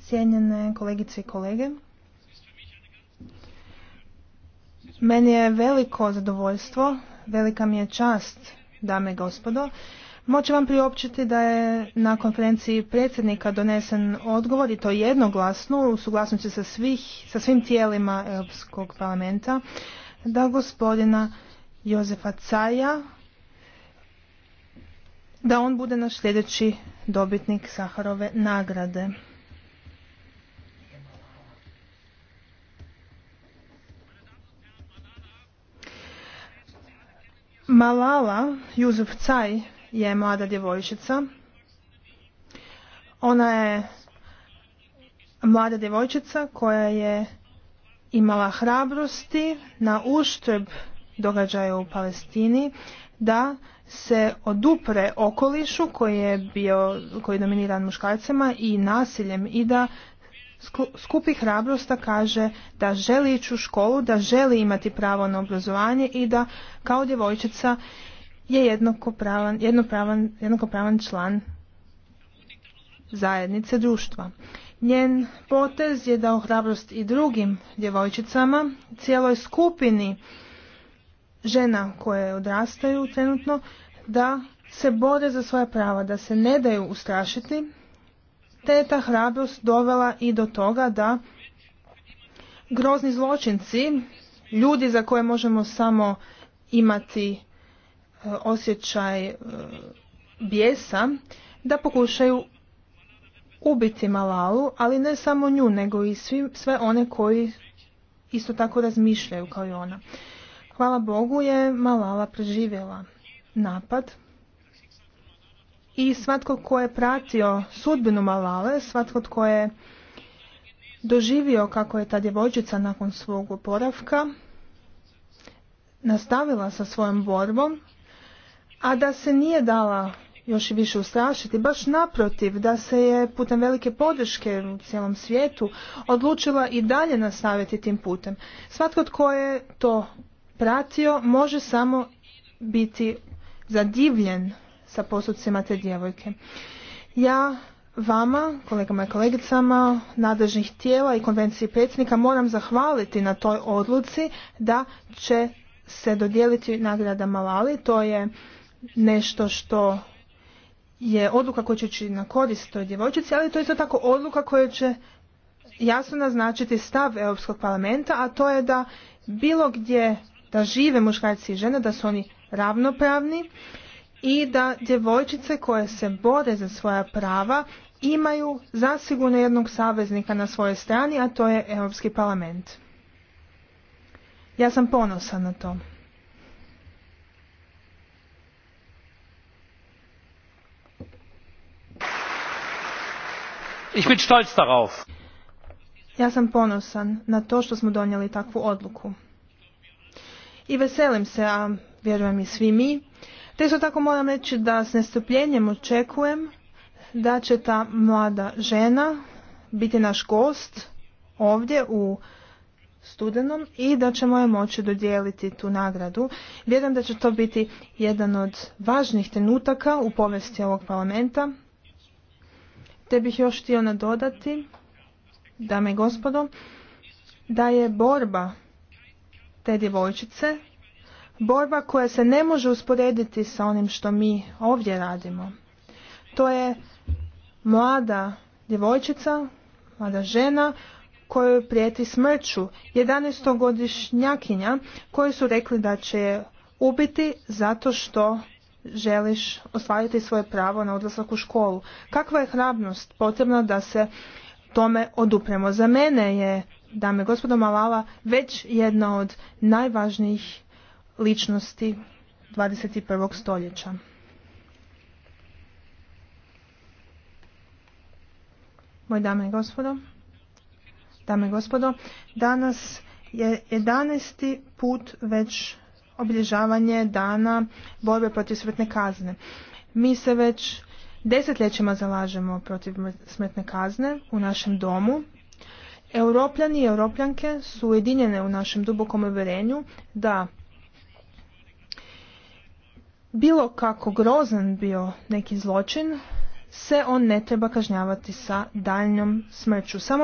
Cijenjene kolegice i kolege, meni je veliko zadovoljstvo, velika mi je čast, dame i gospodo, moći vam priopćiti da je na konferenciji predsjednika donesen odgovor i to jednoglasno u suglasnosti sa, sa svim tijelima Europskog parlamenta da gospodina Jozefa Caja da on bude naš sljedeći dobitnik Saharove nagrade. Malala Juzuf Caj je mlada djevojčica. Ona je mlada djevojčica koja je imala hrabrosti na uštrb događaja u Palestini da se odupre okolišu koji je bio, koji je dominiran muškarcima i nasiljem i da skupi hrabrost da kaže da želi ići u školu, da želi imati pravo na obrazovanje i da kao djevojčica je jednakopravan, jednakopravan član zajednice društva. Njen potez je dao hrabrost i drugim djevojčicama, cijeloj skupini žena koje odrastaju trenutno da se bore za svoja prava, da se ne daju ustrašiti, te je ta hrabrost dovela i do toga da grozni zločinci, ljudi za koje možemo samo imati e, osjećaj e, bijesa, da pokušaju ubiti Malalu, ali ne samo nju, nego i sve one koji isto tako razmišljaju kao i ona. Hvala Bogu je Malala preživjela napad i svatko ko je pratio sudbinu Malale, svatko ko je doživio kako je ta djevojčica nakon svog oporavka nastavila sa svojom borbom, a da se nije dala još i više ustrašiti, baš naprotiv da se je putem velike podrške u cijelom svijetu odlučila i dalje nastaviti tim putem. Svatko tko je to pratio može samo biti zadivljen sa postupcima te djevojke. Ja vama, kolegama i kolegicama, nadležnih tijela i konvenciji predsjednika moram zahvaliti na toj odluci da će se dodijeliti nagrada Malali. To je nešto što je odluka koja će ići na korist toj djevojčici, ali to je isto tako odluka koja će jasno naznačiti stav Europskog parlamenta, a to je da bilo gdje da žive muškarci i žene, da su oni ravnopravni i da djevojčice koje se bore za svoja prava imaju zasigurno jednog saveznika na svojoj strani, a to je Europski parlament. Ja sam ponosan na to. Ich bin stolz darauf. Ja sam ponosan na to što smo donijeli takvu odluku i veselim se, a vjerujem i svi mi. Te isto tako moram reći da s nestupljenjem očekujem da će ta mlada žena biti naš gost ovdje u studenom i da ćemo je moći dodijeliti tu nagradu. Vjerujem da će to biti jedan od važnih trenutaka u povesti ovog parlamenta. Te bih još htio nadodati, dame i gospodo, da je borba te djevojčice, borba koja se ne može usporediti sa onim što mi ovdje radimo. To je mlada djevojčica, mlada žena koju prijeti smrću, 11-godišnjakinja koji su rekli da će je ubiti zato što želiš ostvariti svoje pravo na odlazak u školu. Kakva je hrabnost potrebna da se tome odupremo? Za mene je dame i gospodo, Malala već jedna od najvažnijih ličnosti 21. stoljeća. Moje dame i gospodo, dame i gospodo, danas je 11. put već obilježavanje dana borbe protiv smrtne kazne. Mi se već desetljećima zalažemo protiv smrtne kazne u našem domu, Europljani i europljanke su ujedinjene u našem dubokom uvjerenju da bilo kako grozan bio neki zločin se on ne treba kažnjavati sa daljnjom smrću.